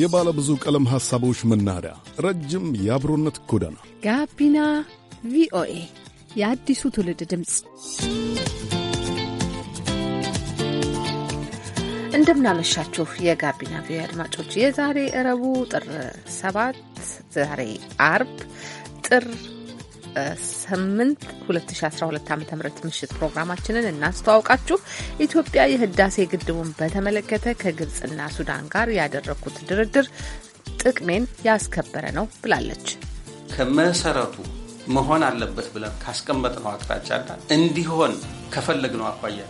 የባለ ብዙ ቀለም ሐሳቦች መናኸሪያ፣ ረጅም የአብሮነት ጎዳና፣ ጋቢና ቪኦኤ የአዲሱ ትውልድ ድምፅ። እንደምናመሻችሁ የጋቢና ቪኦኤ አድማጮች፣ የዛሬ እረቡ ጥር ሰባት ዛሬ አርብ ጥር 8 2012 ዓ ም ምሽት ፕሮግራማችንን እናስተዋውቃችሁ። ኢትዮጵያ የህዳሴ ግድቡን በተመለከተ ከግብፅና ሱዳን ጋር ያደረግኩት ድርድር ጥቅሜን ያስከበረ ነው ብላለች። ከመሰረቱ መሆን አለበት ብለን ካስቀመጥነው አቅጣጫ ና እንዲሆን ከፈለግነው አኳያ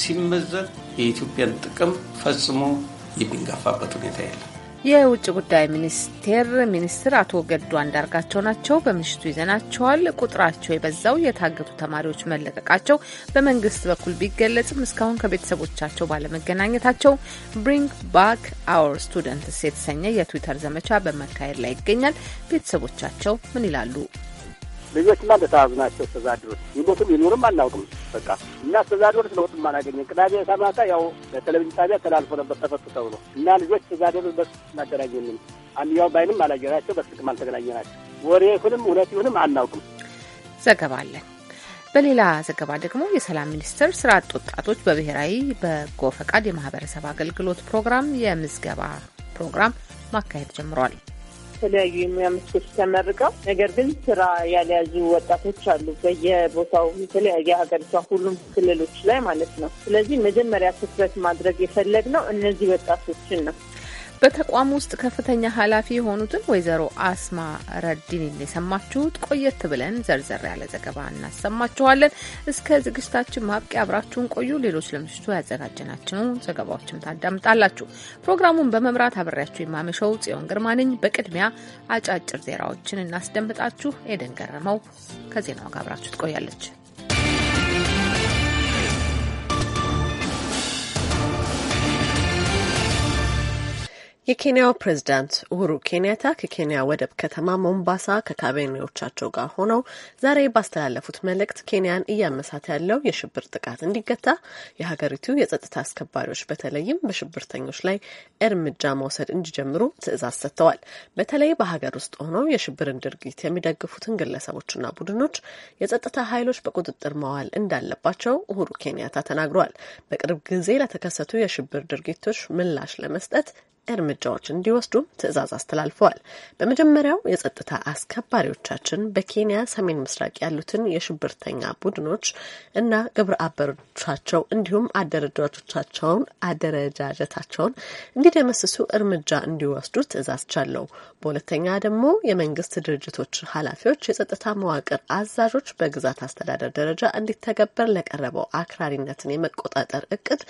ሲመዘን የኢትዮጵያን ጥቅም ፈጽሞ የሚንጋፋበት ሁኔታ የለም። የውጭ ጉዳይ ሚኒስቴር ሚኒስትር አቶ ገዱ አንዳርጋቸው ናቸው። በምሽቱ ይዘናቸዋል። ቁጥራቸው የበዛው የታገቱ ተማሪዎች መለቀቃቸው በመንግስት በኩል ቢገለጽም እስካሁን ከቤተሰቦቻቸው ባለመገናኘታቸው ብሪንግ ባክ አወር ስቱደንትስ የተሰኘ የትዊተር ዘመቻ በመካሄድ ላይ ይገኛል። ቤተሰቦቻቸው ምን ይላሉ? ልጆችማ እንደተያዙ ናቸው። እስከዛ ድረስ ይሞቱም ይኑርም አናውቅም። በቃ እና እስከዛ ለውጥ ለውጥም አናገኘም። ቅዳሜ ሰማታ ያው በቴሌቪዥን ጣቢያ ተላልፎ ነበር ተፈቱ ተብሎ እና ልጆች እስከዛ ድረስ በስልክም አገናኘንም አንድያው ባይንም አላየናቸው፣ በስልክም አልተገናኘናቸው። ወሬ ይሁንም እውነት ይሁንም አናውቅም። ዘገባለን በሌላ ዘገባ ደግሞ የሰላም ሚኒስቴር ስራ አጥ ወጣቶች በብሔራዊ በጎ ፈቃድ የማህበረሰብ አገልግሎት ፕሮግራም የምዝገባ ፕሮግራም ማካሄድ ጀምሯል። በተለያዩ የሙያ መስኮች ተመርቀው ነገር ግን ስራ ያልያዙ ወጣቶች አሉ፣ በየቦታው የተለያየ ሀገሪቷ ሁሉም ክልሎች ላይ ማለት ነው። ስለዚህ መጀመሪያ ትኩረት ማድረግ የፈለግነው እነዚህ ወጣቶችን ነው። በተቋም ውስጥ ከፍተኛ ኃላፊ የሆኑትን ወይዘሮ አስማ ረዲን የሰማችሁት። ቆየት ብለን ዘርዘር ያለ ዘገባ እናሰማችኋለን። እስከ ዝግጅታችን ማብቂያ አብራችሁን ቆዩ። ሌሎች ለምሽቱ ያዘጋጀናቸውን ዘገባዎችም ታዳምጣላችሁ። ፕሮግራሙን በመምራት አብሬያችሁ የማመሸው ጽዮን ግርማ ነኝ። በቅድሚያ አጫጭር ዜናዎችን እናስደምጣችሁ። ኤደን ገረመው ከዜናው ጋር አብራችሁ ትቆያለች። የኬንያው ፕሬዝዳንት ኡሁሩ ኬንያታ ከኬንያ ወደብ ከተማ ሞምባሳ ከካቢኔዎቻቸው ጋር ሆነው ዛሬ ባስተላለፉት መልእክት ኬንያን እያመሳት ያለው የሽብር ጥቃት እንዲገታ የሀገሪቱ የጸጥታ አስከባሪዎች በተለይም በሽብርተኞች ላይ እርምጃ መውሰድ እንዲጀምሩ ትዕዛዝ ሰጥተዋል። በተለይ በሀገር ውስጥ ሆነው የሽብርን ድርጊት የሚደግፉትን ግለሰቦችና ቡድኖች የጸጥታ ኃይሎች በቁጥጥር መዋል እንዳለባቸው ኡሁሩ ኬንያታ ተናግረዋል። በቅርብ ጊዜ ለተከሰቱ የሽብር ድርጊቶች ምላሽ ለመስጠት እርምጃዎች እንዲወስዱም ትዕዛዝ አስተላልፈዋል። በመጀመሪያው የጸጥታ አስከባሪዎቻችን በኬንያ ሰሜን ምስራቅ ያሉትን የሽብርተኛ ቡድኖች እና ግብረ አበሮቻቸው እንዲሁም አደረጃጀቶቻቸውን አደረጃጀታቸውን እንዲደመስሱ እርምጃ እንዲወስዱ ትዕዛዝ ቻለው። በሁለተኛ ደግሞ የመንግስት ድርጅቶች ኃላፊዎች፣ የጸጥታ መዋቅር አዛዦች በግዛት አስተዳደር ደረጃ እንዲተገበር ለቀረበው አክራሪነትን የመቆጣጠር እቅድ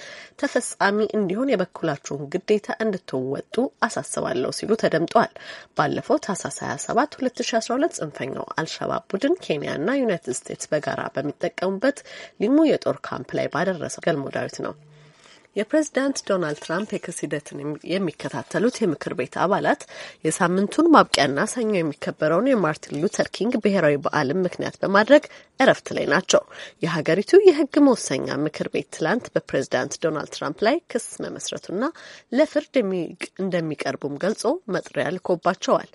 ተፈጻሚ እንዲሆን የበኩላችሁን ግዴታ እንድትወ ወጡ አሳስባለሁ ሲሉ ተደምጠዋል። ባለፈው ታህሳስ 27 2012 ጽንፈኛው አልሸባብ ቡድን ኬንያና ዩናይትድ ስቴትስ በጋራ በሚጠቀሙበት ሊሙ የጦር ካምፕ ላይ ባደረሰው ገልሞ ዳዊት ነው። የፕሬዝዳንት ዶናልድ ትራምፕ የክስ ሂደትን የሚከታተሉት የምክር ቤት አባላት የሳምንቱን ማብቂያና ሰኞ የሚከበረውን የማርቲን ሉተር ኪንግ ብሔራዊ በዓልን ምክንያት በማድረግ እረፍት ላይ ናቸው። የሀገሪቱ የህግ መወሰኛ ምክር ቤት ትላንት በፕሬዝዳንት ዶናልድ ትራምፕ ላይ ክስ መመስረቱና ለፍርድ እንደሚቀርቡም ገልጾ መጥሪያ ልኮባቸዋል።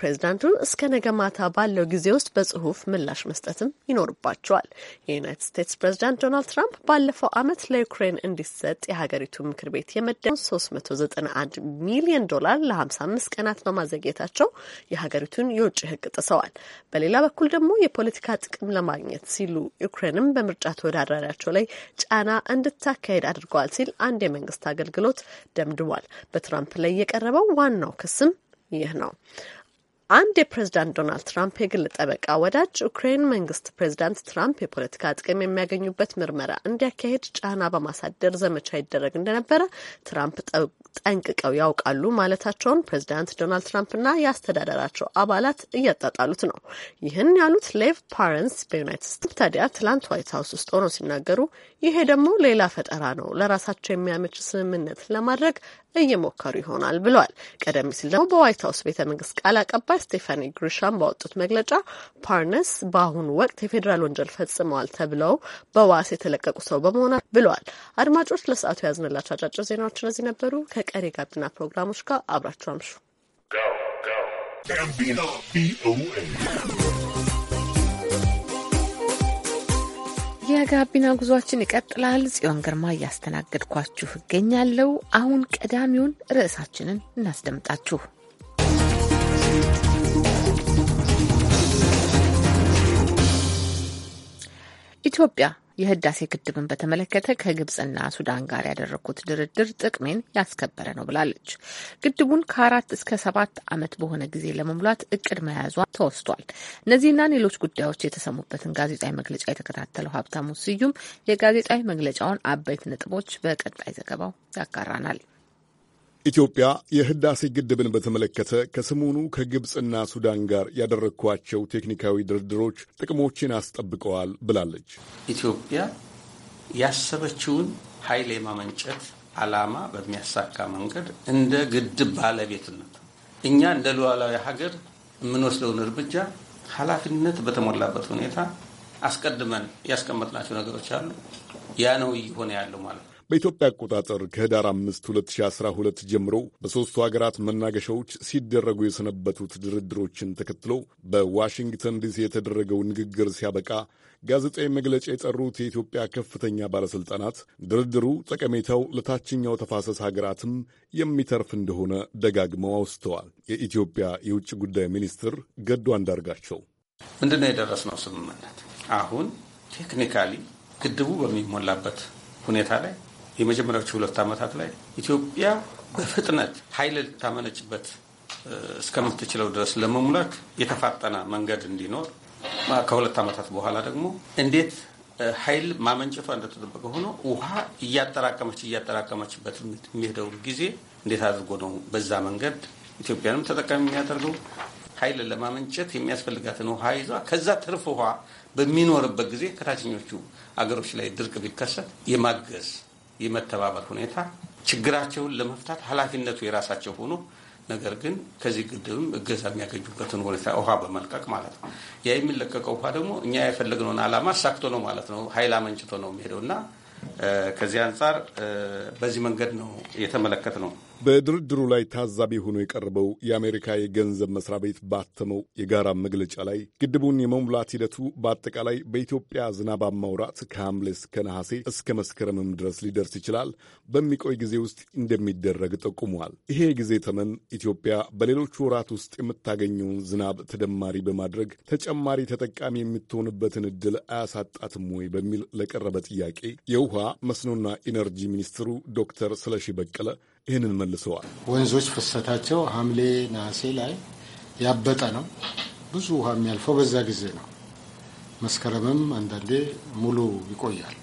ፕሬዚዳንቱ እስከ ነገ ማታ ባለው ጊዜ ውስጥ በጽሁፍ ምላሽ መስጠትም ይኖርባቸዋል። የዩናይትድ ስቴትስ ፕሬዚዳንት ዶናልድ ትራምፕ ባለፈው ዓመት ለዩክሬን እንዲሰጥ የሀገሪቱ ምክር ቤት የመደበውን 391 ሚሊዮን ዶላር ለ55 ቀናት በማዘግየታቸው የሀገሪቱን የውጭ ሕግ ጥሰዋል። በሌላ በኩል ደግሞ የፖለቲካ ጥቅም ለማግኘት ሲሉ ዩክሬንም በምርጫ ተወዳዳሪያቸው ላይ ጫና እንድታካሄድ አድርገዋል ሲል አንድ የመንግስት አገልግሎት ደምድሟል። በትራምፕ ላይ የቀረበው ዋናው ክስም ይህ ነው። አንድ የፕሬዝዳንት ዶናልድ ትራምፕ የግል ጠበቃ ወዳጅ ዩክሬን መንግስት ፕሬዝዳንት ትራምፕ የፖለቲካ ጥቅም የሚያገኙበት ምርመራ እንዲያካሄድ ጫና በማሳደር ዘመቻ ይደረግ እንደነበረ ትራምፕ ጠንቅቀው ያውቃሉ ማለታቸውን ፕሬዝዳንት ዶናልድ ትራምፕና የአስተዳደራቸው አባላት እያጣጣሉት ነው። ይህን ያሉት ሌቭ ፓረንስ በዩናይትድ ስቴትስ ታዲያ ትላንት ዋይት ሀውስ ውስጥ ሆነው ሲናገሩ ይሄ ደግሞ ሌላ ፈጠራ ነው፣ ለራሳቸው የሚያመች ስምምነት ለማድረግ እየሞከሩ ይሆናል ብለዋል። ቀደም ሲል ደግሞ በዋይት ሀውስ ቤተ መንግስት ቃል አቀባይ ስቴፋኒ ግሪሻም ባወጡት መግለጫ ፓርነስ በአሁኑ ወቅት የፌዴራል ወንጀል ፈጽመዋል ተብለው በዋስ የተለቀቁ ሰው በመሆን ብለዋል። አድማጮች ለሰዓቱ ያዝንላቸው አጫጭር ዜናዎች እነዚህ ነበሩ። ከቀሪ ጋቢና ፕሮግራሞች ጋር አብራችሁ አምሹ። የጋቢና ጉዟችን ይቀጥላል። ጽዮን ግርማ እያስተናገድኳችሁ እገኛለሁ። አሁን ቀዳሚውን ርዕሳችንን እናስደምጣችሁ። ኢትዮጵያ የህዳሴ ግድብን በተመለከተ ከግብጽና ሱዳን ጋር ያደረግኩት ድርድር ጥቅሜን ያስከበረ ነው ብላለች። ግድቡን ከአራት እስከ ሰባት ዓመት በሆነ ጊዜ ለመሙላት እቅድ መያዟ ተወስቷል። እነዚህና ሌሎች ጉዳዮች የተሰሙበትን ጋዜጣዊ መግለጫ የተከታተለው ሀብታሙ ስዩም የጋዜጣዊ መግለጫውን አበይት ነጥቦች በቀጣይ ዘገባው ያጋራናል። ኢትዮጵያ የህዳሴ ግድብን በተመለከተ ከሰሞኑ ከግብፅና ሱዳን ጋር ያደረግኳቸው ቴክኒካዊ ድርድሮች ጥቅሞችን አስጠብቀዋል ብላለች። ኢትዮጵያ ያሰበችውን ኃይል የማመንጨት ዓላማ በሚያሳካ መንገድ እንደ ግድብ ባለቤትነት እኛ እንደ ሉዓላዊ ሀገር የምንወስደውን እርምጃ ኃላፊነት በተሞላበት ሁኔታ አስቀድመን ያስቀመጥናቸው ነገሮች አሉ። ያ ነው እየሆነ ያለው ማለት ነው። በኢትዮጵያ አቆጣጠር ከህዳር 5 2012 ጀምሮ በሦስቱ ሀገራት መናገሻዎች ሲደረጉ የሰነበቱት ድርድሮችን ተከትሎ በዋሽንግተን ዲሲ የተደረገው ንግግር ሲያበቃ ጋዜጣዊ መግለጫ የጠሩት የኢትዮጵያ ከፍተኛ ባለሥልጣናት ድርድሩ ጠቀሜታው ለታችኛው ተፋሰስ ሀገራትም የሚተርፍ እንደሆነ ደጋግመው አውስተዋል። የኢትዮጵያ የውጭ ጉዳይ ሚኒስትር ገዱ አንዳርጋቸው ምንድን ነው የደረስነው ስምምነት አሁን ቴክኒካሊ ግድቡ በሚሞላበት ሁኔታ ላይ የመጀመሪያዎቹ ሁለት ዓመታት ላይ ኢትዮጵያ በፍጥነት ኃይል ልታመነጭበት እስከምትችለው ድረስ ለመሙላት የተፋጠነ መንገድ እንዲኖር ከሁለት ዓመታት በኋላ ደግሞ እንዴት ኃይል ማመንጨቷ እንደተጠበቀ ሆኖ ውሃ እያጠራቀመች እያጠራቀመችበት የሚሄደው ጊዜ እንዴት አድርጎ ነው በዛ መንገድ ኢትዮጵያንም ተጠቃሚ የሚያደርገው ኃይል ለማመንጨት የሚያስፈልጋትን ውሃ ይዟ ከዛ ትርፍ ውሃ በሚኖርበት ጊዜ ከታችኞቹ አገሮች ላይ ድርቅ ቢከሰት የማገዝ የመተባበር ሁኔታ ችግራቸውን ለመፍታት ኃላፊነቱ የራሳቸው ሆኖ ነገር ግን ከዚህ ግድብም እገዛ የሚያገኙበትን ሁኔታ ውሃ በመልቀቅ ማለት ነው። ያ የሚለቀቀው ውሃ ደግሞ እኛ የፈለግነውን ዓላማ አሳክቶ ነው ማለት ነው፣ ኃይል አመንጭቶ ነው የሚሄደው እና ከዚህ አንጻር በዚህ መንገድ ነው የተመለከት ነው። በድርድሩ ላይ ታዛቢ ሆኖ የቀረበው የአሜሪካ የገንዘብ መስሪያ ቤት ባተመው የጋራ መግለጫ ላይ ግድቡን የመሙላት ሂደቱ በአጠቃላይ በኢትዮጵያ ዝናባማ ወራት ከሐምሌ እስከ ነሐሴ እስከ መስከረምም ድረስ ሊደርስ ይችላል በሚቆይ ጊዜ ውስጥ እንደሚደረግ ጠቁመዋል። ይሄ ጊዜ ተመን ኢትዮጵያ በሌሎቹ ወራት ውስጥ የምታገኘውን ዝናብ ተደማሪ በማድረግ ተጨማሪ ተጠቃሚ የምትሆንበትን ዕድል አያሳጣትም ወይ በሚል ለቀረበ ጥያቄ የውሃ መስኖና ኢነርጂ ሚኒስትሩ ዶክተር ስለሺ በቀለ ይህንን መልሰዋል። ወንዞች ፍሰታቸው ሐምሌ ነሐሴ ላይ ያበጠ ነው። ብዙ ውሃ የሚያልፈው በዛ ጊዜ ነው። መስከረምም አንዳንዴ ሙሉ ይቆያል።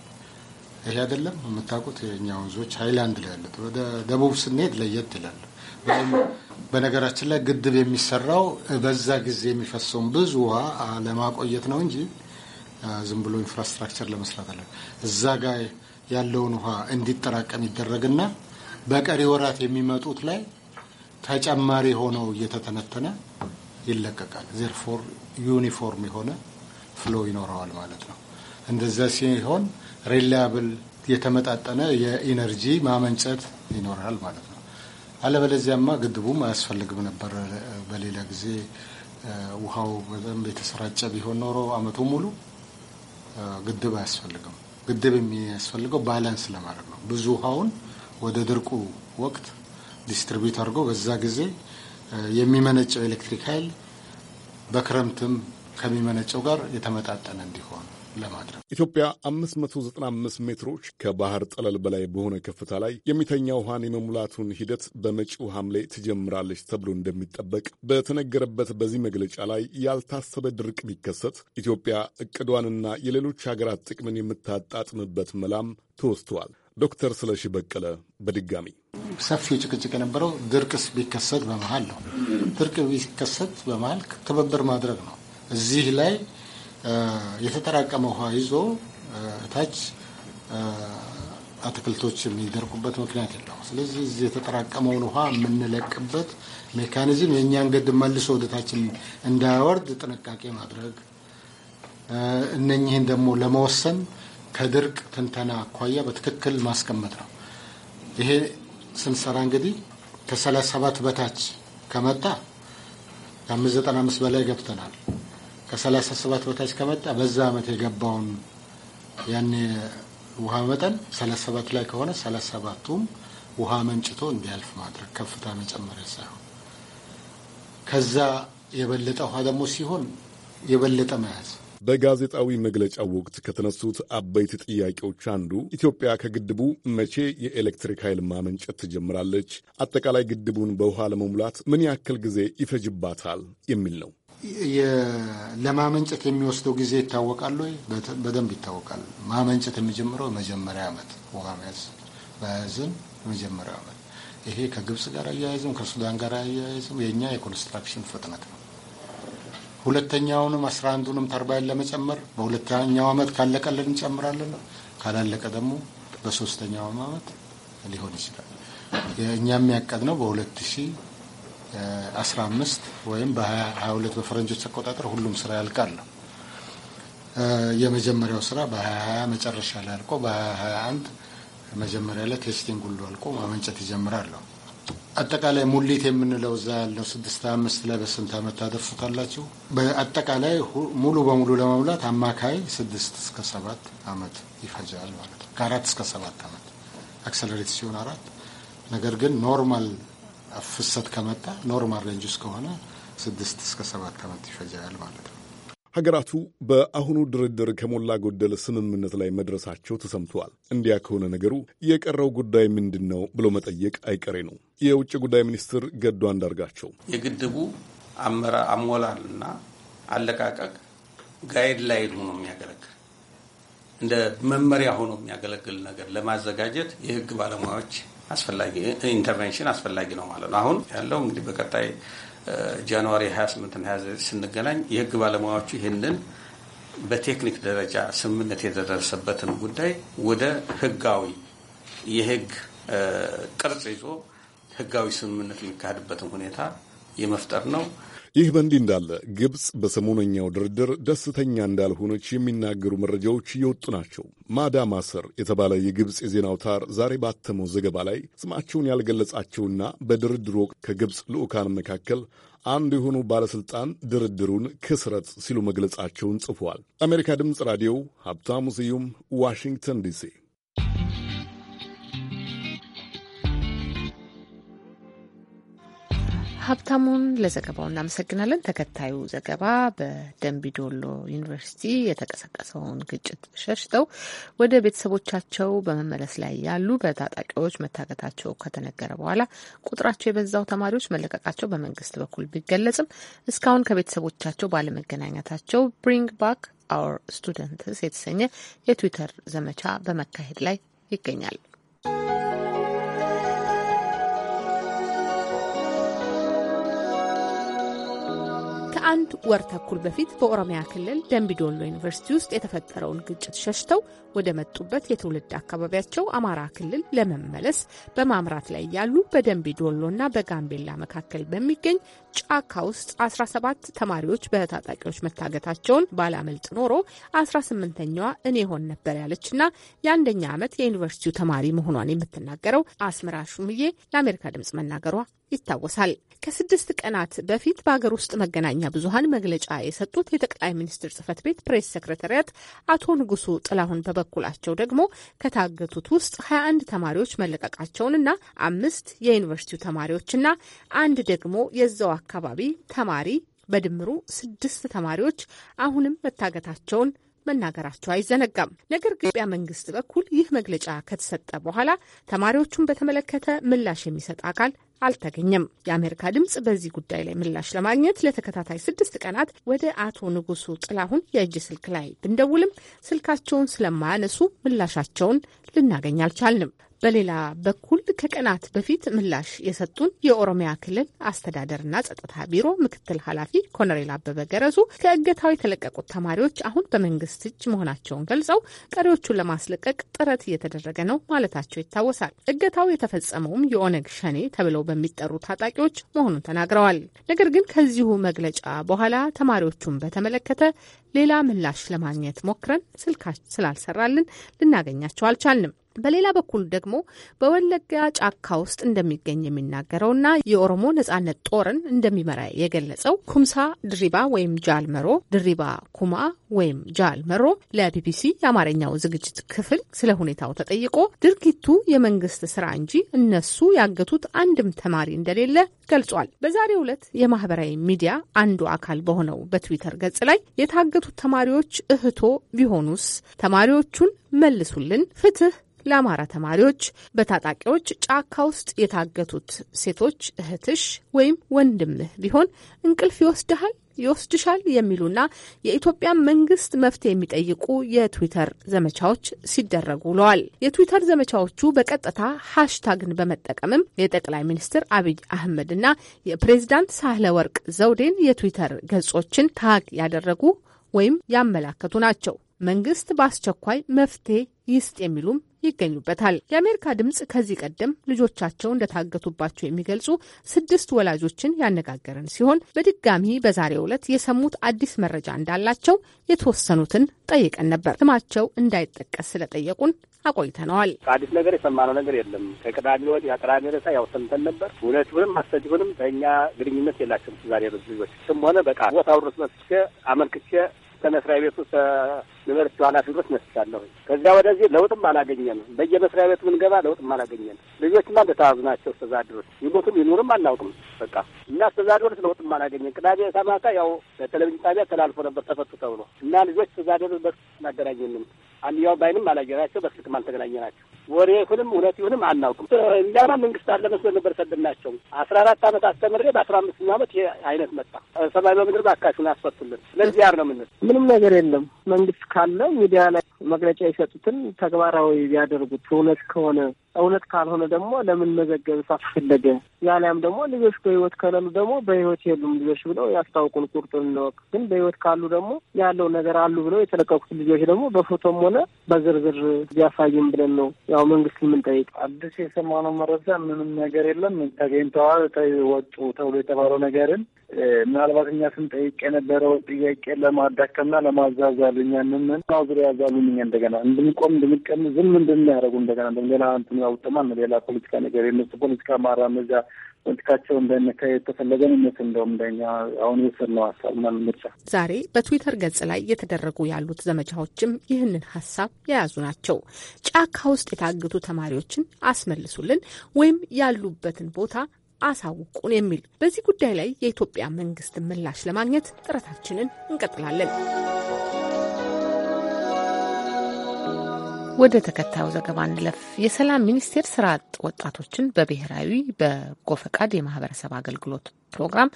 ይሄ አይደለም የምታውቁት የእኛ ወንዞች ሀይላንድ ላይ ያለት። ወደ ደቡብ ስንሄድ ለየት ይላል። በነገራችን ላይ ግድብ የሚሰራው በዛ ጊዜ የሚፈሰውን ብዙ ውሃ ለማቆየት ነው እንጂ ዝም ብሎ ኢንፍራስትራክቸር ለመስራት አለ እዛ ጋ ያለውን ውሃ እንዲጠራቀም ይደረግና በቀሪ ወራት የሚመጡት ላይ ተጨማሪ ሆኖ እየተተነተነ ይለቀቃል። ዜርፎር ዩኒፎርም የሆነ ፍሎ ይኖረዋል ማለት ነው። እንደዛ ሲሆን ሪላያብል የተመጣጠነ የኢነርጂ ማመንጨት ይኖራል ማለት ነው። አለበለዚያማ ግድቡም አያስፈልግም ነበር። በሌላ ጊዜ ውሃው በደንብ የተሰራጨ ቢሆን ኖሮ አመቱ ሙሉ ግድብ አያስፈልግም። ግድብ የሚያስፈልገው ባላንስ ለማድረግ ነው። ብዙ ውሃውን ወደ ድርቁ ወቅት ዲስትሪቢዩት አድርጎ በዛ ጊዜ የሚመነጨው ኤሌክትሪክ ኃይል በክረምትም ከሚመነጨው ጋር የተመጣጠነ እንዲሆን ለማድረግ ኢትዮጵያ 595 ሜትሮች ከባህር ጠለል በላይ በሆነ ከፍታ ላይ የሚተኛ ውሃን የመሙላቱን ሂደት በመጪው ሐምሌ ትጀምራለች ተብሎ እንደሚጠበቅ በተነገረበት በዚህ መግለጫ ላይ ያልታሰበ ድርቅ ቢከሰት ኢትዮጵያ እቅዷንና የሌሎች ሀገራት ጥቅምን የምታጣጥምበት መላም ተወስቷል። ዶክተር ስለሺ በቀለ በድጋሚ ሰፊው ጭቅጭቅ የነበረው ድርቅስ ቢከሰት በመሀል ነው። ድርቅ ቢከሰት በመሀል ትብብር ማድረግ ነው። እዚህ ላይ የተጠራቀመ ውሃ ይዞ እታች አትክልቶች የሚደርቁበት ምክንያት የለው። ስለዚህ እዚህ የተጠራቀመውን ውሃ የምንለቅበት ሜካኒዝም የእኛን ገድ መልሶ ወደታችን እንዳያወርድ ጥንቃቄ ማድረግ እነኚህን ደግሞ ለመወሰን ከድርቅ ትንተና አኳያ በትክክል ማስቀመጥ ነው። ይሄ ስንሰራ እንግዲህ ከሰላሳ ሰባት በታች ከመጣ ከአምስት ዘጠና አምስት በላይ ገብተናል። ከሰላሳ ሰባት በታች ከመጣ በዛ አመት የገባውን ያን ውሃ መጠን ሰላሳ ሰባት ላይ ከሆነ ሰላሳ ሰባቱም ውሃ መንጭቶ እንዲያልፍ ማድረግ ከፍታ መጨመሪያ ሳይሆን ከዛ የበለጠ ውሃ ደግሞ ሲሆን የበለጠ መያዝ በጋዜጣዊ መግለጫው ወቅት ከተነሱት አበይት ጥያቄዎች አንዱ ኢትዮጵያ ከግድቡ መቼ የኤሌክትሪክ ኃይል ማመንጨት ትጀምራለች፣ አጠቃላይ ግድቡን በውሃ ለመሙላት ምን ያክል ጊዜ ይፈጅባታል የሚል ነው። ለማመንጨት የሚወስደው ጊዜ ይታወቃል ወይ? በደንብ ይታወቃል። ማመንጨት የሚጀምረው መጀመሪያ ዓመት ውሃ መያዝ በያዝን መጀመሪያ ዓመት ይሄ ከግብጽ ጋር አያያዝም ከሱዳን ጋር አያያዝም የእኛ የኮንስትራክሽን ፍጥነት ነው። ሁለተኛውንም አስራ አንዱንም ተርባይን ለመጨመር በሁለተኛው አመት ካለቀልን እንጨምራለን፣ ካላለቀ ደግሞ በሶስተኛው አመት ሊሆን ይችላል። እኛ የሚያቀድ ነው በሁለት ሺ አስራ አምስት ወይም በሀያ ሁለት በፈረንጆች አቆጣጠር ሁሉም ስራ ያልቃል ነው። የመጀመሪያው ስራ በሀያ ሀያ መጨረሻ ላይ አልቆ በሀያ ሀያ አንድ መጀመሪያ ላይ ቴስቲንግ ሁሉ አልቆ ማመንጨት ይጀምራለሁ። አጠቃላይ ሙሌት የምንለው እዛ ያለው ስድስት አምስት ላይ በስንት ዓመት ታደርሱታላችሁ? በአጠቃላይ ሙሉ በሙሉ ለመሙላት አማካይ ስድስት እስከ ሰባት ዓመት ይፈጃል ማለት ነው። ከአራት እስከ ሰባት ዓመት አክሰለሬት ሲሆን አራት። ነገር ግን ኖርማል ፍሰት ከመጣ ኖርማል ሬንጅ እስከሆነ ከሆነ ስድስት እስከ ሰባት ዓመት ይፈጃል ማለት ነው። ሀገራቱ በአሁኑ ድርድር ከሞላ ጎደል ስምምነት ላይ መድረሳቸው ተሰምተዋል። እንዲያ ከሆነ ነገሩ የቀረው ጉዳይ ምንድን ነው ብሎ መጠየቅ አይቀሬ ነው። የውጭ ጉዳይ ሚኒስትር ገዱ አንዳርጋቸው የግድቡ አሞላልና አለቃቀቅ ጋይድ ላይን ሆኖ የሚያገለግል እንደ መመሪያ ሆኖ የሚያገለግል ነገር ለማዘጋጀት የህግ ባለሙያዎች አስፈላጊ ኢንተርቬንሽን አስፈላጊ ነው ማለት ነው። አሁን ያለው እንግዲህ በቀጣይ ጃንዋሪ 28ና 29 ስንገናኝ የህግ ባለሙያዎቹ ይህንን በቴክኒክ ደረጃ ስምምነት የተደረሰበትን ጉዳይ ወደ ህጋዊ የህግ ቅርጽ ይዞ ህጋዊ ስምምነት የሚካሄድበትን ሁኔታ የመፍጠር ነው። ይህ በእንዲህ እንዳለ ግብፅ በሰሞነኛው ድርድር ደስተኛ እንዳልሆነች የሚናገሩ መረጃዎች እየወጡ ናቸው። ማዳ ማሰር የተባለ የግብፅ የዜና አውታር ዛሬ ባተመው ዘገባ ላይ ስማቸውን ያልገለጻቸውና በድርድሩ ወቅት ከግብፅ ልዑካን መካከል አንዱ የሆኑ ባለሥልጣን ድርድሩን ክስረት ሲሉ መግለጻቸውን ጽፏል። አሜሪካ ድምፅ ራዲዮ ሀብታሙ ስዩም ዋሽንግተን ዲሲ ሀብታሙን ለዘገባው እናመሰግናለን። ተከታዩ ዘገባ በደንቢዶሎ ዩኒቨርሲቲ የተቀሰቀሰውን ግጭት ሸሽተው ወደ ቤተሰቦቻቸው በመመለስ ላይ ያሉ በታጣቂዎች መታገታቸው ከተነገረ በኋላ ቁጥራቸው የበዛው ተማሪዎች መለቀቃቸው በመንግስት በኩል ቢገለጽም እስካሁን ከቤተሰቦቻቸው ባለመገናኘታቸው ብሪንግ ባክ አወር ስቱደንትስ የተሰኘ የትዊተር ዘመቻ በመካሄድ ላይ ይገኛል። ከአንድ ወር ተኩል በፊት በኦሮሚያ ክልል ደንቢዶሎ ዩኒቨርሲቲ ውስጥ የተፈጠረውን ግጭት ሸሽተው ወደ መጡበት የትውልድ አካባቢያቸው አማራ ክልል ለመመለስ በማምራት ላይ ያሉ በደንቢዶሎና በጋምቤላ መካከል በሚገኝ ጫካ ውስጥ 17 ተማሪዎች በታጣቂዎች መታገታቸውን ባላመልጥ ኖሮ 18ኛዋ እኔ ሆን ነበር ያለችና የአንደኛ ዓመት የዩኒቨርሲቲው ተማሪ መሆኗን የምትናገረው አስምራ ሹምዬ ለአሜሪካ ድምጽ መናገሯ ይታወሳል። ከስድስት ቀናት በፊት በሀገር ውስጥ መገናኛ ብዙኃን መግለጫ የሰጡት የጠቅላይ ሚኒስትር ጽህፈት ቤት ፕሬስ ሰክረታሪያት አቶ ንጉሱ ጥላሁን በበኩላቸው ደግሞ ከታገቱት ውስጥ 21 ተማሪዎች መለቀቃቸውንና አምስት የዩኒቨርሲቲው ተማሪዎችና አንድ ደግሞ የዛው አካባቢ ተማሪ በድምሩ ስድስት ተማሪዎች አሁንም መታገታቸውን መናገራቸው አይዘነጋም። ነገር ግን ኢትዮጵያ መንግስት በኩል ይህ መግለጫ ከተሰጠ በኋላ ተማሪዎቹን በተመለከተ ምላሽ የሚሰጥ አካል አልተገኘም። የአሜሪካ ድምፅ በዚህ ጉዳይ ላይ ምላሽ ለማግኘት ለተከታታይ ስድስት ቀናት ወደ አቶ ንጉሱ ጥላሁን የእጅ ስልክ ላይ ብንደውልም ስልካቸውን ስለማያነሱ ምላሻቸውን ልናገኝ አልቻልንም። በሌላ በኩል ከቀናት በፊት ምላሽ የሰጡን የኦሮሚያ ክልል አስተዳደርና ጸጥታ ቢሮ ምክትል ኃላፊ ኮሎኔል አበበ ገረሱ ከእገታው የተለቀቁት ተማሪዎች አሁን በመንግስት እጅ መሆናቸውን ገልጸው ቀሪዎቹን ለማስለቀቅ ጥረት እየተደረገ ነው ማለታቸው ይታወሳል። እገታው የተፈጸመውም የኦነግ ሸኔ ተብለው በሚጠሩ ታጣቂዎች መሆኑን ተናግረዋል። ነገር ግን ከዚሁ መግለጫ በኋላ ተማሪዎቹን በተመለከተ ሌላ ምላሽ ለማግኘት ሞክረን ስልካችን ስላልሰራልን ልናገኛቸው አልቻልንም። በሌላ በኩል ደግሞ በወለጋ ጫካ ውስጥ እንደሚገኝ የሚናገረውና የኦሮሞ ነጻነት ጦርን እንደሚመራ የገለጸው ኩምሳ ድሪባ ወይም ጃል መሮ ድሪባ ኩማ ወይም ጃል መሮ ለቢቢሲ የአማርኛው ዝግጅት ክፍል ስለ ሁኔታው ተጠይቆ ድርጊቱ የመንግስት ስራ እንጂ እነሱ ያገቱት አንድም ተማሪ እንደሌለ ገልጿል። በዛሬው ዕለት የማህበራዊ ሚዲያ አንዱ አካል በሆነው በትዊተር ገጽ ላይ የታገቱት ተማሪዎች እህቶ ቢሆኑስ? ተማሪዎቹን መልሱልን፣ ፍትህ ለአማራ ተማሪዎች በታጣቂዎች ጫካ ውስጥ የታገቱት ሴቶች እህትሽ ወይም ወንድምህ ቢሆን እንቅልፍ ይወስድሃል ይወስድሻል የሚሉና የኢትዮጵያ መንግስት መፍትሄ የሚጠይቁ የትዊተር ዘመቻዎች ሲደረጉ ውለዋል። የትዊተር ዘመቻዎቹ በቀጥታ ሀሽታግን በመጠቀምም የጠቅላይ ሚኒስትር አብይ አህመድና የፕሬዚዳንት ሳህለ ወርቅ ዘውዴን የትዊተር ገጾችን ታግ ያደረጉ ወይም ያመላከቱ ናቸው። መንግስት በአስቸኳይ መፍትሄ ይስጥ የሚሉም ይገኙበታል። የአሜሪካ ድምጽ ከዚህ ቀደም ልጆቻቸው እንደታገቱባቸው የሚገልጹ ስድስት ወላጆችን ያነጋገርን ሲሆን በድጋሚ በዛሬው ዕለት የሰሙት አዲስ መረጃ እንዳላቸው የተወሰኑትን ጠይቀን ነበር። ስማቸው እንዳይጠቀስ ስለጠየቁን አቆይተነዋል። አዲስ ነገር የሰማነው ነገር የለም። ከቅዳሜ ወዲህ ከቅዳሜ ረሳ ያው ሰምተን ነበር። እውነቱንም አስተዲሁንም በእኛ ግንኙነት የላቸውም። ዛሬ ልጆች ስም ሆነ በቃ ቦታ ውርስ መስቼ አመልክቼ ከመስሪያ ቤቱ ዩኒቨርስቲ ኃላፊ ድረስ መስቻለሁ። ከዚያ ወደዚህ ለውጥም አላገኘንም። በየመስሪያ ቤቱ ብንገባ ለውጥም አላገኘንም። ልጆችማ እንደተያዙ ናቸው። አስተዳድሮች ይሞቱም ይኑርም አናውቅም። በቃ እና አስተዳድሮች ለውጥም አላገኘን። ቅዳሜ ሰማታ ያው በቴሌቪዥን ጣቢያ ተላልፎ ነበር ተፈቱ ተብሎ እና ልጆች አስተዳድሮች በስልክ አገናኘንም። አንድያው ባይንም አላየናቸው፣ በስልክም አልተገናኘናቸው። ወሬ ይሁንም እውነት ይሁንም አናውቅም። እኛማ መንግስት አለ መስሎ ነበር ሰድን አስራ አራት አመት አስተምሬ በአስራ አምስተኛ አመት ይሄ አይነት መጣ። ሰማይ በምድር ባካሹን አስፈቱልን። ስለዚህ ያር ነው ምንል ምንም ነገር የለም መንግስት ካለ ሚዲያ ላይ መግለጫ የሰጡትን ተግባራዊ ቢያደርጉት እውነት ከሆነ እውነት ካልሆነ ደግሞ ለምን መዘገብ ሳስፈለገ ያሊያም ደግሞ ልጆች በህይወት ከሌሉ ደግሞ በህይወት የሉም ልጆች ብለው ያስታውቁን። ቁርጡን እንወቅ። ግን በህይወት ካሉ ደግሞ ያለው ነገር አሉ ብለው የተለቀቁት ልጆች ደግሞ በፎቶም ሆነ በዝርዝር ቢያሳይም ብለን ነው ያው መንግስት የምንጠይቅ። አዲስ የሰማነው መረጃ ምንም ነገር የለም ተገኝተዋል ወጡ ተብሎ የተባለው ነገርን ምናልባት እኛ ስንጠይቅ የነበረው ጥያቄ ለማዳከምና ለማዛዛል እኛንምን ዙሪያ ያዛሉ እንደሚኛ እንደገና እንድንቆም እንድንቀም ዝም እንደሚያደርጉ እንደገና ሌላ እንትን ያውጥማል ሌላ ፖለቲካ ነገር የነሱ ፖለቲካ ማራ ፖለቲካቸው እንዳይነካ የተፈለገ እነት እንደውም እንደኛ አሁን የስር ነው ሀሳብ ማ ምርጫ ዛሬ በትዊተር ገጽ ላይ እየተደረጉ ያሉት ዘመቻዎችም ይህንን ሀሳብ የያዙ ናቸው። ጫካ ውስጥ የታገቱ ተማሪዎችን አስመልሱልን ወይም ያሉበትን ቦታ አሳውቁን የሚል በዚህ ጉዳይ ላይ የኢትዮጵያ መንግስት ምላሽ ለማግኘት ጥረታችንን እንቀጥላለን። ወደ ተከታዩ ዘገባ እንለፍ። የሰላም ሚኒስቴር ስራ አጥ ወጣቶችን በብሔራዊ በጎ ፈቃድ የማህበረሰብ አገልግሎት ፕሮግራም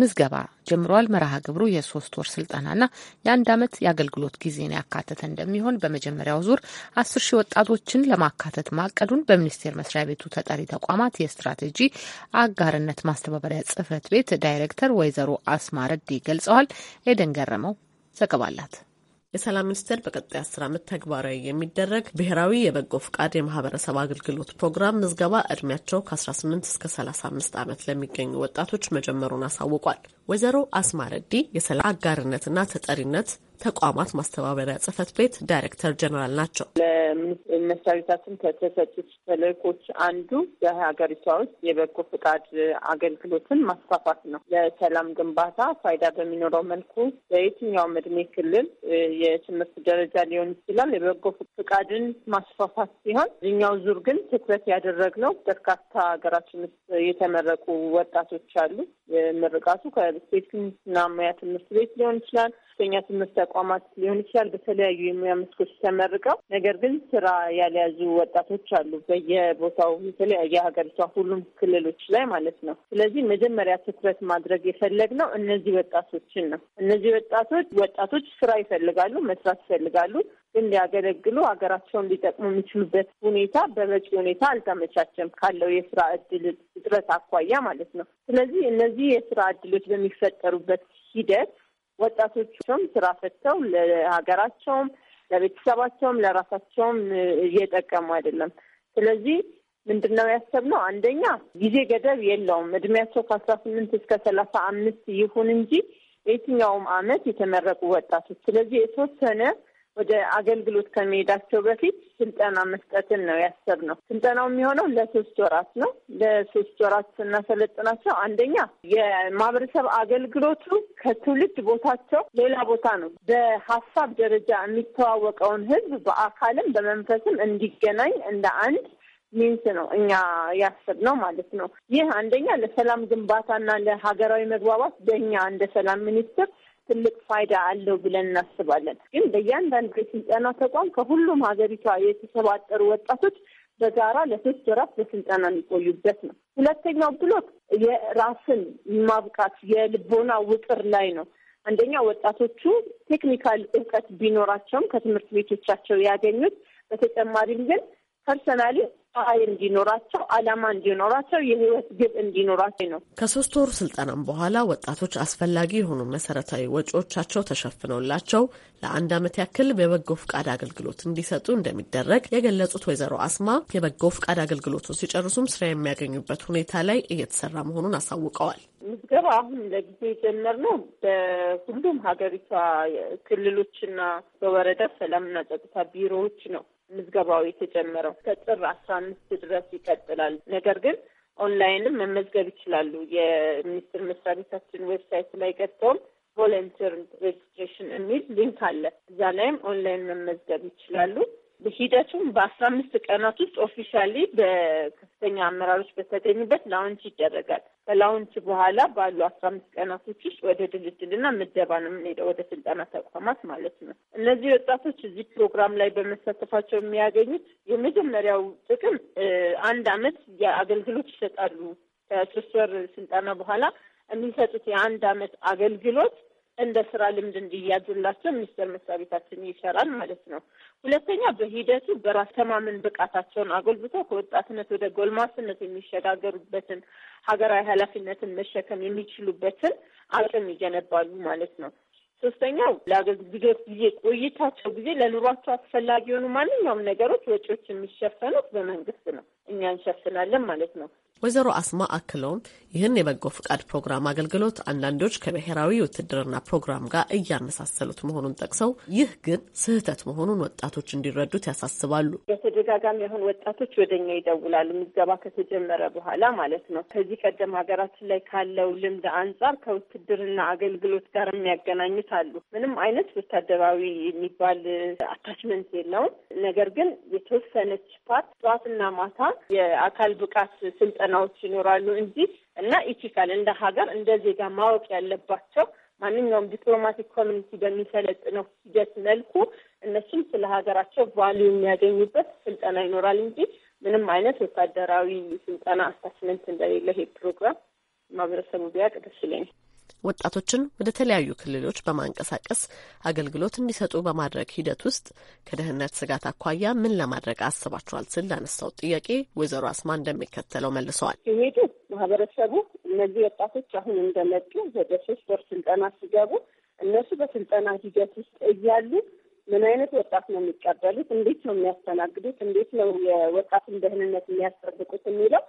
ምዝገባ ጀምረዋል። መርሃ ግብሩ የሶስት ወር ስልጠናና የአንድ ዓመት የአገልግሎት ጊዜን ያካተተ እንደሚሆን በመጀመሪያው ዙር አስር ሺህ ወጣቶችን ለማካተት ማቀዱን በሚኒስቴር መስሪያ ቤቱ ተጠሪ ተቋማት የስትራቴጂ አጋርነት ማስተባበሪያ ጽህፈት ቤት ዳይሬክተር ወይዘሮ አስማረዴ ገልጸዋል። ኤደን ገረመው ዘገባ አላት። የሰላም ሚኒስቴር በቀጣይ አስር ዓመት ተግባራዊ የሚደረግ ብሔራዊ የበጎ ፍቃድ የማህበረሰብ አገልግሎት ፕሮግራም ምዝገባ እድሜያቸው ከ18 እስከ 35 ዓመት ለሚገኙ ወጣቶች መጀመሩን አሳውቋል። ወይዘሮ አስማረዲ የሰላም አጋርነትና ተጠሪነት ተቋማት ማስተባበሪያ ጽህፈት ቤት ዳይሬክተር ጀኔራል ናቸው። መስሪያ ቤታችን ከተሰጡት ተልእኮች አንዱ በሀገሪቷ ውስጥ የበጎ ፍቃድ አገልግሎትን ማስፋፋት ነው። ለሰላም ግንባታ ፋይዳ በሚኖረው መልኩ በየትኛውም እድሜ ክልል የትምህርት ደረጃ ሊሆን ይችላል የበጎ ፍቃድን ማስፋፋት ሲሆን እኛው ዙር ግን ትኩረት ያደረግነው በርካታ ሀገራችን ውስጥ የተመረቁ ወጣቶች አሉ። ምርቃቱ ከቴክኒክና ሙያ ትምህርት ቤት ሊሆን ይችላል ከፍተኛ ትምህርት ተቋማት ሊሆን ይችላል በተለያዩ የሙያ መስኮች ተመርቀው ነገር ግን ስራ ያልያዙ ወጣቶች አሉ በየቦታው የተለያየ ሀገሪቷ ሁሉም ክልሎች ላይ ማለት ነው። ስለዚህ መጀመሪያ ትኩረት ማድረግ የፈለግነው እነዚህ ወጣቶችን ነው። እነዚህ ወጣቶች ወጣቶች ስራ ይፈልጋሉ፣ መስራት ይፈልጋሉ ግን ሊያገለግሉ ሀገራቸውን ሊጠቅሙ የሚችሉበት ሁኔታ በበቂ ሁኔታ አልተመቻቸም ካለው የስራ እድል እጥረት አኳያ ማለት ነው። ስለዚህ እነዚህ የስራ እድሎች በሚፈጠሩበት ሂደት ወጣቶቹም ስራ ፈተው ለሀገራቸውም፣ ለቤተሰባቸውም፣ ለራሳቸውም እየጠቀሙ አይደለም። ስለዚህ ምንድን ነው ያሰብነው? አንደኛ ጊዜ ገደብ የለውም። እድሜያቸው ከአስራ ስምንት እስከ ሰላሳ አምስት ይሁን እንጂ የትኛውም አመት የተመረቁ ወጣቶች ስለዚህ የተወሰነ ወደ አገልግሎት ከመሄዳቸው በፊት ስልጠና መስጠትን ነው ያሰብነው። ስልጠናው የሚሆነው ለሶስት ወራት ነው። ለሶስት ወራት ስናሰለጥናቸው አንደኛ የማህበረሰብ አገልግሎቱ ከትውልድ ቦታቸው ሌላ ቦታ ነው። በሀሳብ ደረጃ የሚተዋወቀውን ህዝብ በአካልም በመንፈስም እንዲገናኝ እንደ አንድ ሚንስ ነው እኛ ያሰብነው ማለት ነው። ይህ አንደኛ ለሰላም ግንባታና ለሀገራዊ መግባባት በእኛ እንደ ሰላም ሚኒስትር ትልቅ ፋይዳ አለው ብለን እናስባለን። ግን በእያንዳንዱ የስልጠና ተቋም ከሁሉም ሀገሪቷ የተሰባጠሩ ወጣቶች በጋራ ለሶስት ወራት በስልጠና የሚቆዩበት ነው። ሁለተኛው ብሎክ የራስን ማብቃት የልቦና ውቅር ላይ ነው። አንደኛ ወጣቶቹ ቴክኒካል እውቀት ቢኖራቸውም ከትምህርት ቤቶቻቸው ያገኙት፣ በተጨማሪም ግን ፐርሰናሊ ጸሀይ እንዲኖራቸው አላማ እንዲኖራቸው የህይወት ግብ እንዲኖራቸው ነው። ከሶስት ወር ስልጠናም በኋላ ወጣቶች አስፈላጊ የሆኑ መሰረታዊ ወጪዎቻቸው ተሸፍነውላቸው ለአንድ ዓመት ያክል በበጎ ፍቃድ አገልግሎት እንዲሰጡ እንደሚደረግ የገለጹት ወይዘሮ አስማ የበጎ ፍቃድ አገልግሎቱን ሲጨርሱም ስራ የሚያገኙበት ሁኔታ ላይ እየተሰራ መሆኑን አሳውቀዋል። ምዝገባ አሁን ለጊዜ የጀመርነው በሁሉም ሀገሪቷ ክልሎችና በወረዳ ሰላምና ጸጥታ ቢሮዎች ነው። ምዝገባው የተጀመረው ከጥር አስራ አምስት ድረስ ይቀጥላል። ነገር ግን ኦንላይንም መመዝገብ ይችላሉ። የሚኒስቴር መስሪያ ቤታችን ዌብሳይት ላይ ገብተውም ቮለንቲር ሬጅስትሬሽን የሚል ሊንክ አለ። እዛ ላይም ኦንላይን መመዝገብ ይችላሉ። ሂደቱም በአስራ አምስት ቀናት ውስጥ ኦፊሻሊ በከፍተኛ አመራሮች በተገኙበት ላውንች ይደረጋል። ከላውንች በኋላ ባሉ አስራ አምስት ቀናቶች ውስጥ ወደ ድልድልና ምደባ ነው የምንሄደው፣ ወደ ስልጠና ተቋማት ማለት ነው። እነዚህ ወጣቶች እዚህ ፕሮግራም ላይ በመሳተፋቸው የሚያገኙት የመጀመሪያው ጥቅም አንድ አመት የአገልግሎት ይሰጣሉ። ከሶስት ወር ስልጠና በኋላ የሚሰጡት የአንድ አመት አገልግሎት እንደ ስራ ልምድ እንዲያዙላቸው ሚኒስቴር መስሪያ ቤታችን ይሰራል ማለት ነው። ሁለተኛ በሂደቱ በራስ ተማምን ብቃታቸውን አጎልብቶ ከወጣትነት ወደ ጎልማስነት የሚሸጋገሩበትን ሀገራዊ ኃላፊነትን መሸከም የሚችሉበትን አቅም ይገነባሉ ማለት ነው። ሶስተኛው ለአገልግሎት ጊዜ ቆይታቸው ጊዜ ለኑሯቸው አስፈላጊ የሆኑ ማንኛውም ነገሮች ወጪዎች የሚሸፈኑት በመንግስት ነው፣ እኛ እንሸፍናለን ማለት ነው። ወይዘሮ አስማ አክለውም ይህን የበጎ ፍቃድ ፕሮግራም አገልግሎት አንዳንዶች ከብሔራዊ ውትድርና ፕሮግራም ጋር እያመሳሰሉት መሆኑን ጠቅሰው ይህ ግን ስህተት መሆኑን ወጣቶች እንዲረዱት ያሳስባሉ። በተደጋጋሚ አሁን ወጣቶች ወደኛ ይደውላሉ፣ ምዝገባ ከተጀመረ በኋላ ማለት ነው። ከዚህ ቀደም ሀገራችን ላይ ካለው ልምድ አንጻር ከውትድርና አገልግሎት ጋር የሚያገናኙት አሉ። ምንም አይነት ወታደራዊ የሚባል አታችመንት የለውም። ነገር ግን የተወሰነች ፓርት ጠዋትና ማታ የአካል ብቃት ስልጠና ፈተናዎች ይኖራሉ እንጂ እና ኢቲካል እንደ ሀገር እንደ ዜጋ ማወቅ ያለባቸው ማንኛውም ዲፕሎማቲክ ኮሚኒቲ በሚሰለጥነው ሂደት መልኩ እነሱም ስለ ሀገራቸው ቫሊዩ የሚያገኙበት ስልጠና ይኖራል እንጂ ምንም አይነት ወታደራዊ ስልጠና አሳስመንት እንደሌለ ይሄ ፕሮግራም ማህበረሰቡ ቢያቅ ደስ ይለኛል። ወጣቶችን ወደ ተለያዩ ክልሎች በማንቀሳቀስ አገልግሎት እንዲሰጡ በማድረግ ሂደት ውስጥ ከደህንነት ስጋት አኳያ ምን ለማድረግ አስባችኋል? ስል ላነሳሁት ጥያቄ ወይዘሮ አስማ እንደሚከተለው መልሰዋል። ይሄዱ ማህበረሰቡ እነዚህ ወጣቶች አሁን እንደመጡ ወደ ሶስት ወር ስልጠና ሲገቡ እነሱ በስልጠና ሂደት ውስጥ እያሉ ምን አይነት ወጣት ነው የሚቀበሉት? እንዴት ነው የሚያስተናግዱት? እንዴት ነው የወጣትን ደህንነት የሚያስጠብቁት? የሚለው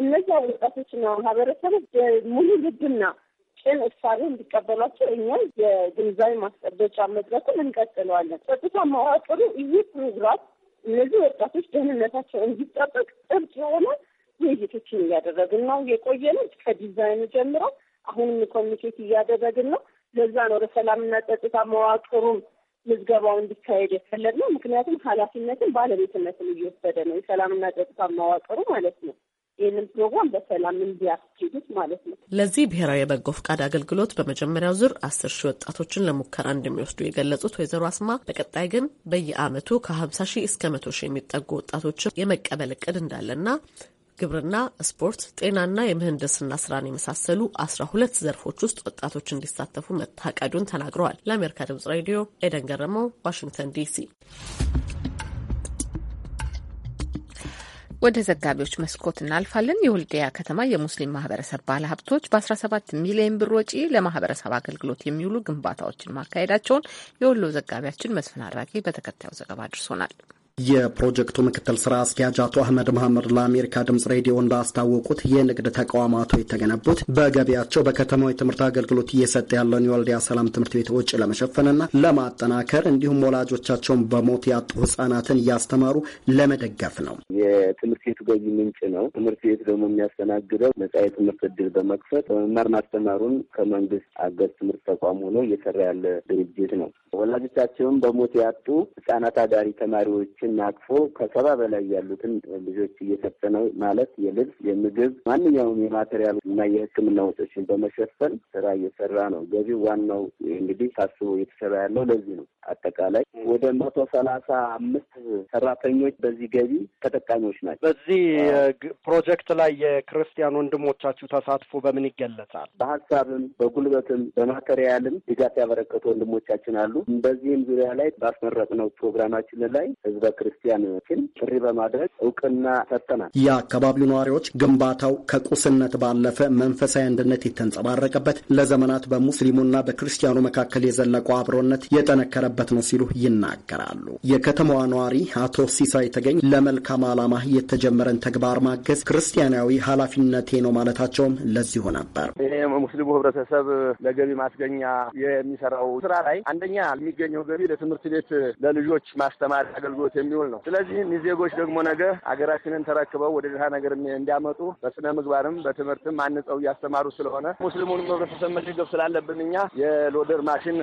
እነዚያ ወጣቶችና ማህበረሰቡ ሙሉ ልብና ግን እሳቤ እንዲቀበሏቸው እኛ የግንዛቤ ማስጨበጫ መድረኩን እንቀጥለዋለን። ጸጥታ መዋቅሩ ይህ ፕሮግራም እነዚህ ወጣቶች ደህንነታቸው እንዲጠበቅ ጥብቅ የሆነ ውይይቶችን እያደረግን ነው የቆየ ነው። ከዲዛይኑ ጀምሮ አሁንም ኮሚኒኬት እያደረግን ነው። ለዛ ነው ለሰላምና ጸጥታ መዋቅሩ ምዝገባው እንዲካሄድ የፈለግነው። ምክንያቱም ኃላፊነትን ባለቤትነትን እየወሰደ ነው የሰላምና ጸጥታ መዋቅሩ ማለት ነው። ይህንን ፕሮግራም በሰላም እንዲያስኬዱት ማለት ነው። ለዚህ ብሔራዊ የበጎ ፍቃድ አገልግሎት በመጀመሪያው ዙር አስር ሺህ ወጣቶችን ለሙከራ እንደሚወስዱ የገለጹት ወይዘሮ አስማ በቀጣይ ግን በየአመቱ ከሀምሳ ሺህ እስከ መቶ ሺህ የሚጠጉ ወጣቶችን የመቀበል እቅድ እንዳለና ግብርና፣ ስፖርት፣ ጤናና የምህንድስና ስራን የመሳሰሉ አስራ ሁለት ዘርፎች ውስጥ ወጣቶች እንዲሳተፉ መታቀዱን ተናግረዋል። ለአሜሪካ ድምጽ ሬዲዮ ኤደን ገረመው ዋሽንግተን ዲሲ ወደ ዘጋቢዎች መስኮት እናልፋለን። የወልዲያ ከተማ የሙስሊም ማህበረሰብ ባለሀብቶች በ17 ሚሊዮን ብር ወጪ ለማህበረሰብ አገልግሎት የሚውሉ ግንባታዎችን ማካሄዳቸውን የወሎ ዘጋቢያችን መስፍን አራጌ በተከታዩ ዘገባ አድርሶናል። የፕሮጀክቱ ምክትል ስራ አስኪያጅ አቶ አህመድ መሐመድ ለአሜሪካ ድምጽ ሬዲዮ እንዳስታወቁት የንግድ ተቋማቱ የተገነቡት በገቢያቸው በከተማው የትምህርት አገልግሎት እየሰጠ ያለውን የወልዲያ ሰላም ትምህርት ቤት ወጪ ለመሸፈንና ለማጠናከር እንዲሁም ወላጆቻቸውን በሞት ያጡ ህጻናትን እያስተማሩ ለመደገፍ ነው። የትምህርት ቤቱ ገቢ ምንጭ ነው። ትምህርት ቤቱ ደግሞ የሚያስተናግደው ነጻ የትምህርት እድል በመክፈት መማር ማስተማሩን ከመንግስት አገዝ ትምህርት ተቋም ሆኖ እየሰራ ያለ ድርጅት ነው። ወላጆቻቸውን በሞት ያጡ ህጻናት አዳሪ ተማሪዎች ልጆችን አቅፎ ከሰባ በላይ ያሉትን ልጆች ነው ማለት የልብስ፣ የምግብ፣ ማንኛውም የማቴሪያል እና የሕክምና ወጪዎችን በመሸፈን ስራ እየሰራ ነው። ገቢው ዋናው እንግዲህ ታስቦ እየተሰራ ያለው ለዚህ ነው። አጠቃላይ ወደ መቶ ሰላሳ አምስት ሰራተኞች በዚህ ገቢ ተጠቃሚዎች ናቸው። በዚህ ፕሮጀክት ላይ የክርስቲያን ወንድሞቻችሁ ተሳትፎ በምን ይገለጻል? በሀሳብም በጉልበትም በማቴሪያልም ድጋፍ ያበረከቱ ወንድሞቻችን አሉ። በዚህም ዙሪያ ላይ ባስመረቅነው ፕሮግራማችን ላይ ህዝበ ክርስቲያኖችን ጥሪ በማድረግ እውቅና ሰጠናል። የአካባቢው ነዋሪዎች ግንባታው ከቁስነት ባለፈ መንፈሳዊ አንድነት የተንጸባረቀበት ለዘመናት በሙስሊሙና በክርስቲያኑ መካከል የዘለቀው አብሮነት የጠነከረበት ነው ሲሉ ይናገራሉ። የከተማዋ ነዋሪ አቶ ሲሳይ ተገኝ ለመልካም ዓላማ የተጀመረን ተግባር ማገዝ ክርስቲያናዊ ኃላፊነቴ ነው ማለታቸውም ለዚሁ ነበር። ይሄ ሙስሊሙ ህብረተሰብ ለገቢ ማስገኛ የሚሰራው ስራ ላይ አንደኛ የሚገኘው ገቢ ለትምህርት ቤት ለልጆች ማስተማር አገልግሎት የሚውል ነው። ስለዚህ እኒህ ዜጎች ደግሞ ነገ ሀገራችንን ተረክበው ወደ ድሃ ነገር እንዲያመጡ በስነ ምግባርም በትምህርትም አንጸው እያስተማሩ ስለሆነ ሙስሊሙን ህብረተሰብ መሸገፍ ስላለብን እኛ የሎደር ማሽን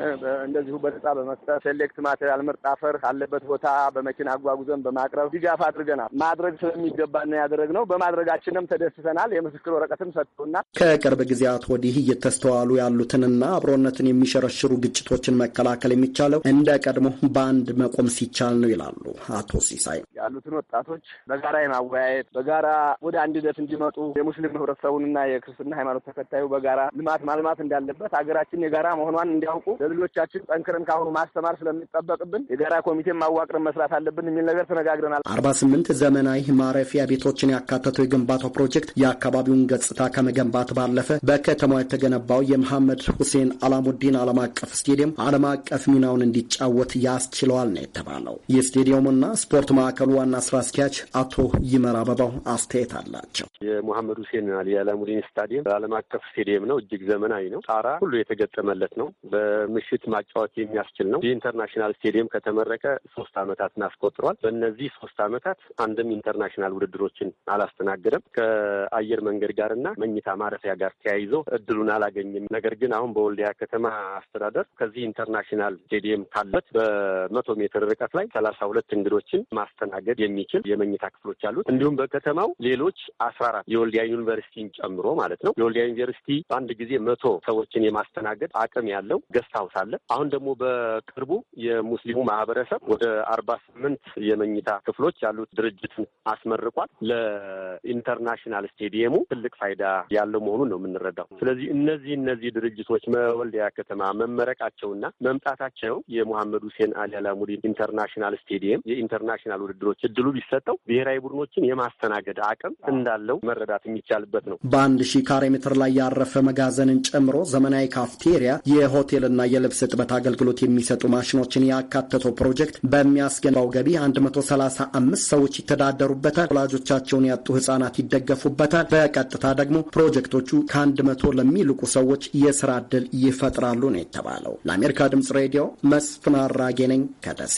እንደዚሁ በነጻ በመስጠት ሴሌክት ማቴሪያል ምርጥ አፈር ካለበት ቦታ በመኪና አጓጉዘን በማቅረብ ድጋፍ አድርገናል። ማድረግ ስለሚገባና ያደረግነው በማድረጋችንም ተደስተናል። የምስክር ወረቀትም ሰጥቶናል። ከቅርብ ጊዜያት ወዲህ እየተስተዋሉ ያሉትንና አብሮነትን የሚሸረሽሩ ግጭቶችን መከላከል የሚቻለው እንደ ቀድሞ በአንድ መቆም ሲቻል ነው ይላሉ አቶ ሲሳይ ያሉትን ወጣቶች በጋራ የማወያየት በጋራ ወደ አንድ እንዲመጡ የሙስሊም ህብረተሰቡንና የክርስትና ሃይማኖት ተከታዩ በጋራ ልማት ማልማት እንዳለበት ሀገራችን የጋራ መሆኗን እንዲያውቁ ለልጆቻችን ጠንክረን ካሁኑ ማስተማር ስለሚጠበቅብን የጋራ ኮሚቴ ማዋቅርን መስራት አለብን የሚል ነገር ተነጋግረናል። አርባ ስምንት ዘመናዊ ማረፊያ ቤቶችን ያካተተው የግንባታው ፕሮጀክት የአካባቢውን ገጽታ ከመገንባት ባለፈ በከተማ የተገነባው የመሐመድ ሁሴን አላሙዲን ዓለም አቀፍ ስቴዲየም ዓለም አቀፍ ሚናውን እንዲጫወት ያስችለዋል ነው የተባለው። የስቴዲየሙን ባህልና ስፖርት ማዕከሉ ዋና ስራ አስኪያጅ አቶ ይመር አበባው አስተያየት አላቸው። የሙሐመድ ሁሴን አሊ አላሙዲን ስታዲየም ዓለም አቀፍ ስቴዲየም ነው። እጅግ ዘመናዊ ነው። ጣራ ሁሉ የተገጠመለት ነው። በምሽት ማጫወት የሚያስችል ነው። የኢንተርናሽናል ስቴዲየም ከተመረቀ ሶስት አመታት አስቆጥሯል። በእነዚህ ሶስት አመታት አንድም ኢንተርናሽናል ውድድሮችን አላስተናገደም። ከአየር መንገድ ጋር መኝታ ማረፊያ ጋር ተያይዞ እድሉን አላገኝም። ነገር ግን አሁን በወልዲያ ከተማ አስተዳደር ከዚህ ኢንተርናሽናል ስቴዲየም ካለት በመቶ ሜትር ርቀት ላይ ሰላሳ ሁለት እንግዶችን ማስተናገድ የሚችል የመኝታ ክፍሎች አሉት። እንዲሁም በከተማው ሌሎች አስራ አራት የወልዲያ ዩኒቨርሲቲን ጨምሮ ማለት ነው። የወልዲያ ዩኒቨርሲቲ በአንድ ጊዜ መቶ ሰዎችን የማስተናገድ አቅም ያለው ገስት ሀውስ አለ። አሁን ደግሞ በቅርቡ የሙስሊሙ ማህበረሰብ ወደ አርባ ስምንት የመኝታ ክፍሎች ያሉት ድርጅትን አስመርቋል። ለኢንተርናሽናል ስቴዲየሙ ትልቅ ፋይዳ ያለው መሆኑን ነው የምንረዳው። ስለዚህ እነዚህ እነዚህ ድርጅቶች መወልዲያ ከተማ መመረቃቸውና መምጣታቸው የሙሐመድ ሁሴን አሊ አላሙዲን ኢንተርናሽናል ስቴዲየም የኢንተርናሽናል ውድድሮች እድሉ ቢሰጠው ብሔራዊ ቡድኖችን የማስተናገድ አቅም እንዳለው መረዳት የሚቻልበት ነው። በአንድ ሺህ ካሬ ሜትር ላይ ያረፈ መጋዘንን ጨምሮ ዘመናዊ ካፍቴሪያ፣ የሆቴልና የልብስ እጥበት አገልግሎት የሚሰጡ ማሽኖችን ያካተተው ፕሮጀክት በሚያስገነባው ገቢ 135 ሰዎች ይተዳደሩበታል። ወላጆቻቸውን ያጡ ህጻናት ይደገፉበታል። በቀጥታ ደግሞ ፕሮጀክቶቹ ከአንድ መቶ ለሚልቁ ሰዎች የስራ እድል ይፈጥራሉ ነው የተባለው። ለአሜሪካ ድምጽ ሬዲዮ መስፍን አራጌ ነኝ ከደሴ።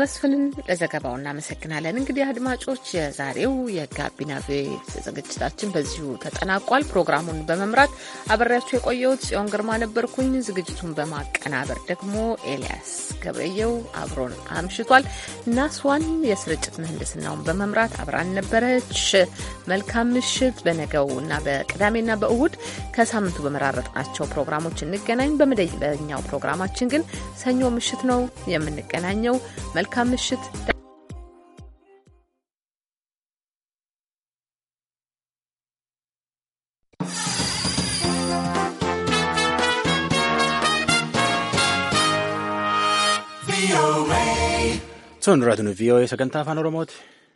መስፍንን ለዘገባው እናመሰግናለን። እንግዲህ አድማጮች የዛሬው የጋቢና ቬ ዝግጅታችን በዚሁ ተጠናቋል። ፕሮግራሙን በመምራት አበሬያችሁ የቆየሁት ጽዮን ግርማ ነበርኩኝ። ዝግጅቱን በማቀናበር ደግሞ ኤልያስ ገብረየው አብሮን አምሽቷል። ናስዋን የስርጭት ምህንድስናውን በመምራት አብራን ነበረች። መልካም ምሽት። በነገው እና በቅዳሜና በእሁድ ከሳምንቱ በመራረጥናቸው ፕሮግራሞች እንገናኝ። በመደበኛው ፕሮግራማችን ግን ሰኞ ምሽት ነው የምንገናኘው። መልካም ምሽት። Sono tornato in VOE, Sacantava Noromoti.